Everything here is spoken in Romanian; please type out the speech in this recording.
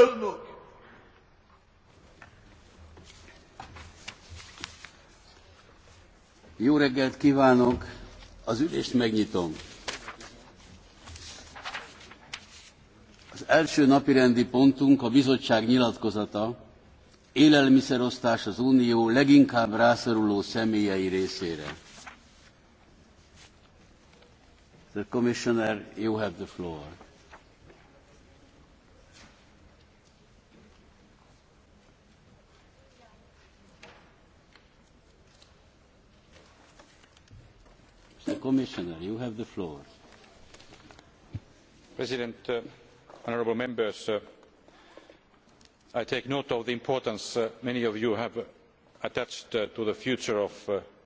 elnök! Jó reggelt kívánok! Az ülést megnyitom. Az első rendi pontunk a bizottság nyilatkozata, élelmiszerosztás az Unió leginkább rászoruló személyei részére. The Commissioner, you have the floor. Commissioner, you have the floor. President, uh, honourable members, uh, I take note of the importance uh, many of you have attached to the future of uh,